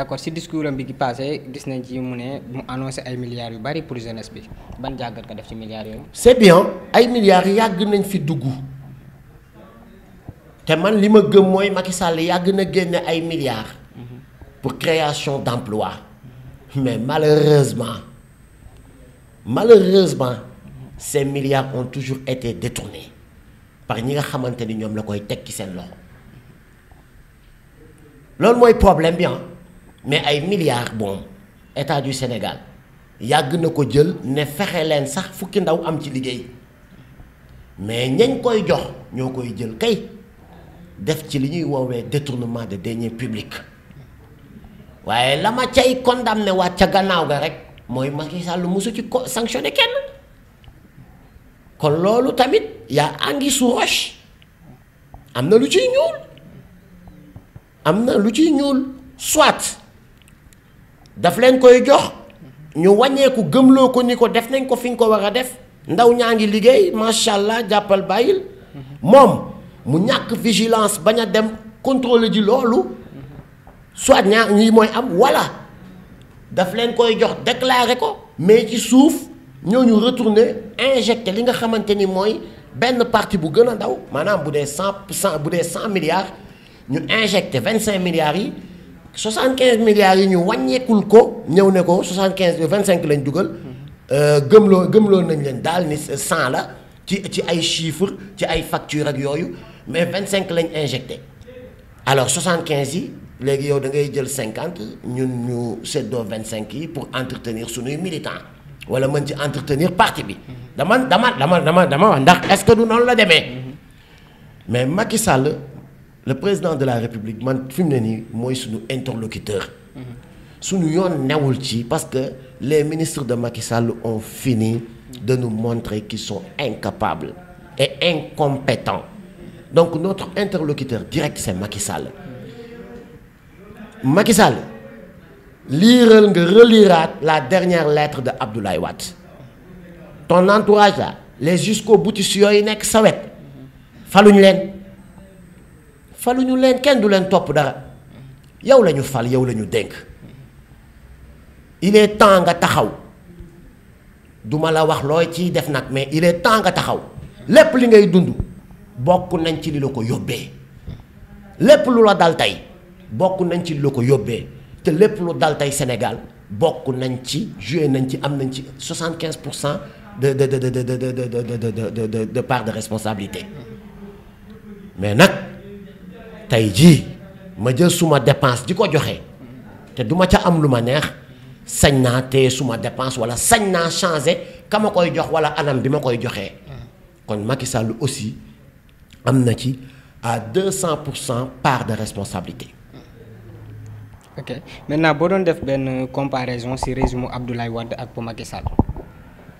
d'accord si discours bi gi passé gis nañ ci mu ne mu annoncé ay milliards yu bari pour jeunesse bi ban jàngat ka def ci milliards yooyu. c'est bien ay milliards yàgg nañ fi dugg te man li ma gëm mooy Macky Sall yàgg na génne ay milliards. pour création d'emploi mais malheureusement malheureusement ces milliards ont toujours été détournés par ñi nga xamante ni ñoom la koy teg ki seen loxo loolu mooy problème bi mais ay milliards boom état du Sénégal yàgg na ko jël ne fexe leen sax fukki ndaw am ci liggéey mais ñañ koy jox ñoo koy jël kay def ci li ñuy woowee détournement de deniers publics waaye la ma cay condamné waat ca gannaaw ga rek mooy Macky Sall mosu ci ko sanctionné kenn kon loolu tamit yaa angi sous roche am na lu ciy ñuul am na lu ciy ñuul soit daf leen koy jox ñu wàññeeku gëmloo ko ni ko def nañ ko fi ñu ko war a def ndaw ñaa ngi liggéey macha allah jàppal bàyyil moom mu ñàkk vigilance bañ a dem contrôler ji loolu soit ñaar ñii mooy am wala daf leen koy jox déclarer ko mais ci suuf ñu retourner injecté li nga xamante ni mooy benn partie bu gën a ndaw maanaam bu dee cent bu dee cent milliards ñu injecte vingt cinq milliards yi quinze milliards yi ñu wàññeekul ko ñëw ne ko 75 cinq lañ dugal euh, gëmloo gëmloo nañ leen daal ni 100 la ci ci ay chiffres ci ay factures ak yooyu mais vingt 25 lañ injecté alors 75 yi léegi yow da ngay jël 50 ñun ñu seddoo cinq yi pour entretenir suñuy militants wala mën ci entretenir parti bi. dama dama dama dama dama wax ndax est-ce que du noonu la demee mm-hmm. mais Macky Sall. le président de la république man fi mu ne nii mooy suñu interlocuteur. Mm-hmm. suñu yoon newul ci parce que les ministres de Macky Sall ont fini de nous montrer qu'ils sont incapables et incompétents donc notre interlocuteur direct c'est Macky Sall. Mm-hmm. Macky Sall liiral nga reliiraat la dernière lettre de Abdoulaye Wade ton entourage là les jusqu'au boutiste yooyu nekk sawet mm-hmm. faluñ leen. ñu leen kenn du leen topp dara yow lañu ñu fal yow lañu ñu dénk il est temps nga taxaw duma la wax looy ciy def nag mais il est temps nga taxaw lépp li ngay dund bokk nañ ci li la ko yóbbee lépp lu la dal tey bokk nañ ci li la ko yóbbee te lépp lu dal tey Sénégal bokk nañ ci joué nañ ci am nañ ci quinze pour cent de de de de de de de de de de de part de responsabilité mais nag. tey jii ma jël suma dépense di ko joxe te duma ca am lu ma neex sañ naa téye suma dépense wala sañ naa changer ka ma koy jox wala anam bi ma koy joxee kon Macky Sall aussi am na ci à 200 pour cent part de responsabilité. ok maintenant boo doon def benn comparaison ci régime Abdoulaye Wade ak bu Macky Sall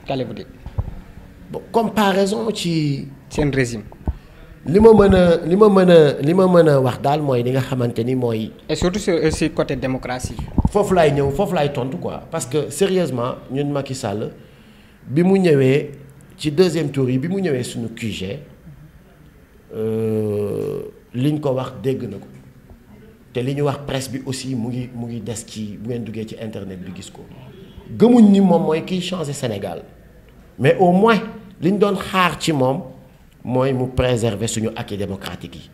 qu'allez-vous dire. ci. seen régime. li ma mën a li ma mën a li ma mën a wax daal mooy li nga xamante ni mooy. et surtout si euh, côté démocratie. foofu laay ñëw foofu laay tontu quoi parce que sérieusement ñun Macky Sall bi mu ñëwee ci deuxième tour yi bi mu ñëwee suñu QG euh, liñ ko wax dégg na ko te li ñu wax presse bi aussi mu ngi mu ngi des ci bu ngeen duggee ci internet bi gis ko gëmuñ ni moom mooy kiy changer Sénégal mais au moins liñ doon xaar ci moom. mooy mu préserver suñu acquis démocratique yi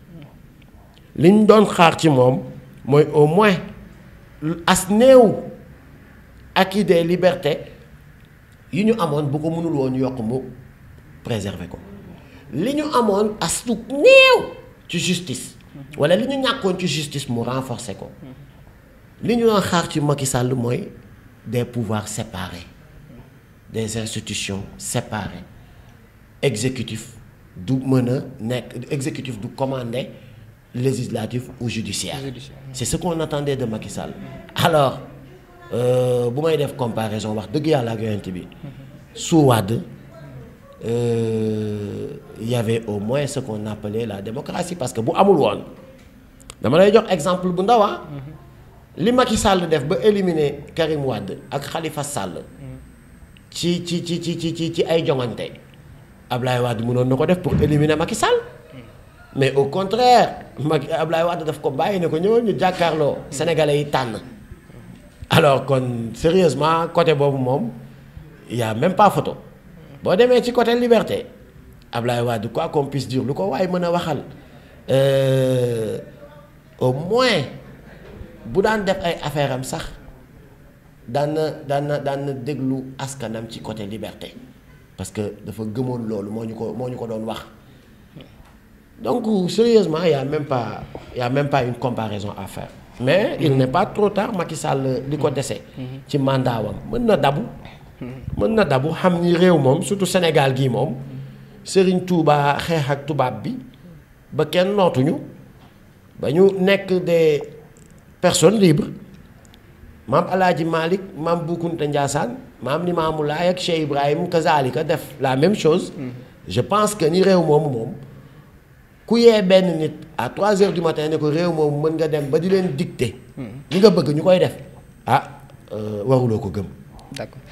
liñ doon xaar ci moom mooy au moins as néew acquis des libertés yi ñu amoon bu ko mënul woon yokk mu préserver ko li ñu amoon as lu néew ci justice wala li ñu ñàkkoon ci justice mu renforcer ko li ñu doon xaar ci Macky Sall mooy des pouvoirs séparés des institutions séparées exécutif du mën a nekk exécutif du commander législatif ou judiciaire c'est ce qu'on de Macky Sall alors euh, bu may def comparaison wax dëgg yàlla ak yonent bi mm-hmm. su Wade euh, y au moins ce qu'on la démocratie parce que bu amul woon dama lay jox exemple bu ndaw ah. mm-hmm. li Macky Sall def ba éliminer Karim Wade ak Khalifa Sall mm-hmm. ci ci ci ci ci ci ay joŋante Ablaye Wade mënoon na ko def pour éliminer Macky Sall mais au contraire Macky Ablaye Wade daf ko bàyyi ne ko ñëwal ñu jàkkaarloo sénégalais yi tànn alors kon sérieusement côté boobu moom y a même pas photo boo demee ci côté liberté Ablaye Wade quoi qu'on puisse dire lu ko waaye mën a waxal euh, au moins bu daan def ay affaire am sax daan na daan na daan na déglu askanam ci côté liberté parce que dafa gëmoon loolu moo ñu ko moo ñu ko doon wax donc sérieusement y a même pas y a même pas une comparaison à mais il ne pas trop tard Macky Sall li ko dese ci mandat wam mën na dabu mën na dabu xam ni réew moom surtout Sénégal gii moom Serigne Touba xeex ak tubaab bi ba kenn nootuñu ba ñu nekk des personnes libres maam Alaaji Malick maam Boukounta Ndiassane maam ni maamu laay ak Cheikh Ibrahim kazalika def la même chose je pense que ni réew moomu moom ku yee benn nit à trois heures du matin ne ko réew moomu mën nga dem ba di leen dicter li nga bëgg ñu koy def ah euh, waruloo ko gëm d'accord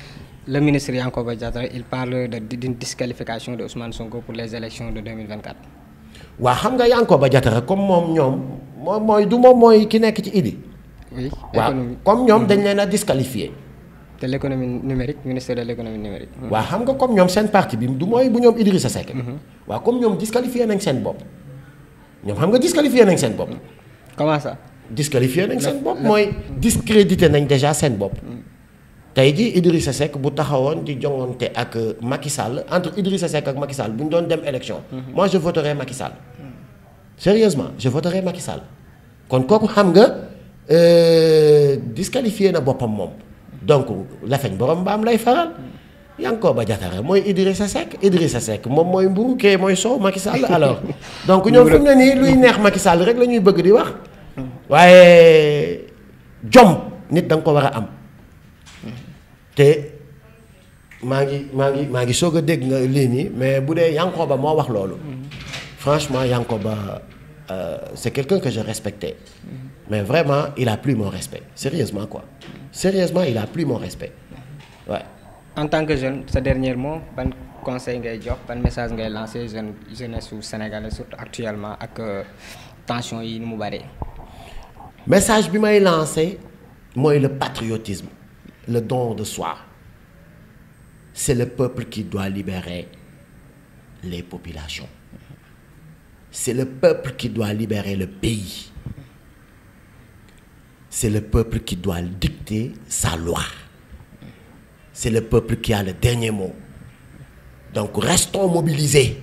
le ministre Yankhoba Diattara il parle de d'une disqualification de Ousmane Sonko pour les élections de 2024 waa xam nga Yankhoba Diattara comme moom ñoom moom mooy du moom mooy ki nekk ci idi waaw comme ñoom mm-hmm. dañ leen a disqualifié te l' économie numérique ministère de l' économie numérique. waaw xam nga comme ñoom seen parti bi du mooy bu ñoom Idrissa Seck. Mhm. waaw comme ñoom disqualifié nañ seen bopp. ñoom xam nga disqualifié nañ seen bopp. comment ça. disqualifié nañ seen bopp mooy. discrédité nañ déjà seen bopp. Mm. tey jii Idrissa Seck bu taxawoon di joŋonte ak euh, Macky Sall entre Idrissa Seck ak Macky Sall bu ñu doon dem élection. Mm-hmm. moi je voterai Macky Sall. Mm. sérieusement je voterai Macky kon kooku xam nga euh, disqualifié na boppam moom. donc lafeñ borom mbaam lay faral Yankoba Diattara mooy sa Idrissa Seck sa Seck moom mooy mburu mooy soow Macky Sall alors donc ñoom fi mu ne nii luy neex Macky Sall rek la ñuy bëgg di wax mm. waaye jom nit da nga ko war a am te maa ngi maa ngi maa ngi soog a dégg nga lii nii mais bu dee ba moo wax loolu mm. franchement Yankoba euh, c'est quelqu'un que je respectais mm. mais vraiment il a plus mon respect sérieusement quoi sérieusement il a plus mon respect waaw. Ouais. en tant que jeune sa dernier mot ban conseil ngay jox ban message ngay lancé jeune jeunesse su sénégalais surtout actuellement ak euh, tension yi ni mu bëree. message bi may lancé mooy le patriotisme le don de soi c'est le peuple qui doit libérer les populations c'est le peuple qui doit libérer le pays. c'est le peuple qui doit dicter sa loi c'est le peuple qui a le dernier mot donc restons mobilisés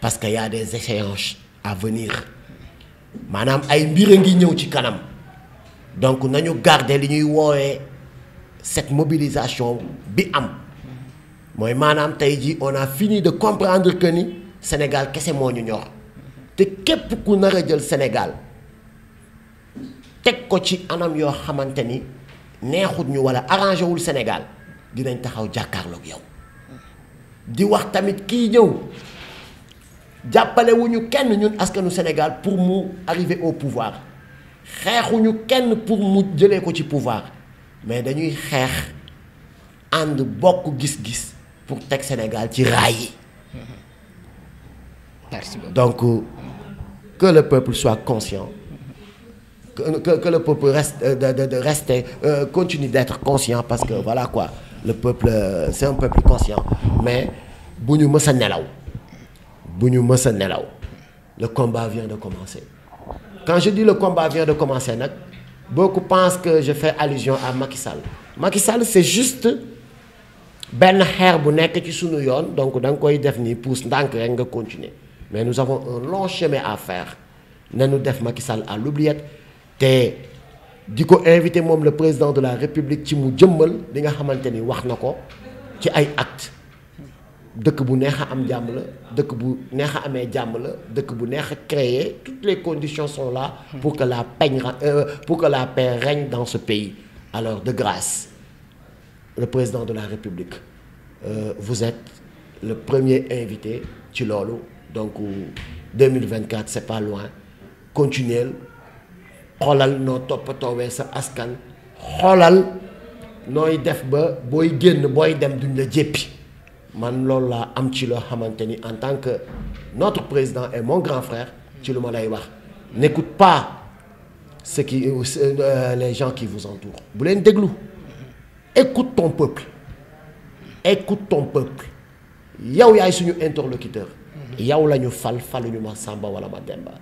parce que y des échéances à venir maanaam ay mbir a ngi ñëw ci kanam donc nañu garder li ñuy woowee cette mobilisation bi am mooy maanaam tey jii on a fini de comprendre que ni Sénégal kese moo ñu ñor te képp ku nar a jël Sénégal teg ko ci anam yoo xamante ni neexut ñu wala arrangé wul Sénégal dinañ taxaw jàkkaarloog yow di wax tamit kii ñëw jàppalewuñu kenn ñun askanu Sénégal pour mu arriver au pouvoir xeexuñu kenn pour mu jëlee ko ci pouvoir mais dañuy xeex ànd bokk gis-gis pour teg Sénégal ci raay donc que le peuple soit conscient que que le peuple reste euh, de de de rester euh, continue d'être conscient parce que voilà quoi le peuple euh, c'est un peuple conscient mais bu ñu mës a nelaw bu ñu mësa nelaw le combat vient de commencer quand je dis le combat vient de commencer nag beaucoup pense que je fais allusion à Macky Sall Macky Sall c'est juste benn xeer bu nekk ci sunu yoon donc da nga koy def nii pousse ndànk rek nga continuer mais nous avons un long chemin à faire nu def Macky Sall à l'oubliette te di ko invité moom le président de la république ci mu jëmmal li nga xamante ni wax na ko ci ay acte dëkk bu neex a am jàmm la dëkk bu neex a amee jàmm la dëkk bu neex a créer toutes les conditions sont là pour que la paix euh, pour que la paix règne dans ce pays alors de grâce le président de la république euh, vous êtes le premier invité ci loolu donc 2024 euh, c'est pas loin continuez xoolal noo toppatoowee sa askan xoolal nooy def ba booy génn booy dem duñ la jéppi man loolu laa am ci loo xamante ni en tant que notre président et mon grand frère ci lu ma lay wax n'écoute pas ce qui euh, euh, les gens qui vous entourent bu leen déglu écoute ton peuple écoute ton peuple yow yaay suñu interlocuteur yow lañu ñu fal faluñu ma Samba wala ma Demba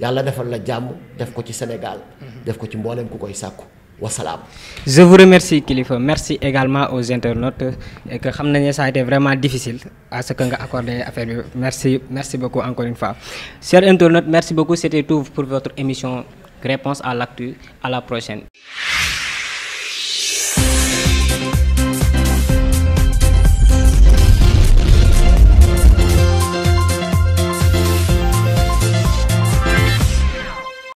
yàlla defal la jàmm def ko ci Sénégal. def ko ci mboolem ku koy sàkku. wasalaam. je vous remercie Kilifeu merci également aux internautes et que xam nañ ne ça a été vraiment difficile à ce que nga accordé affaire bi merci merci beaucoup encore une fois chers internautes merci beaucoup c'était tout pour votre émission réponse à l'actu à la prochaine.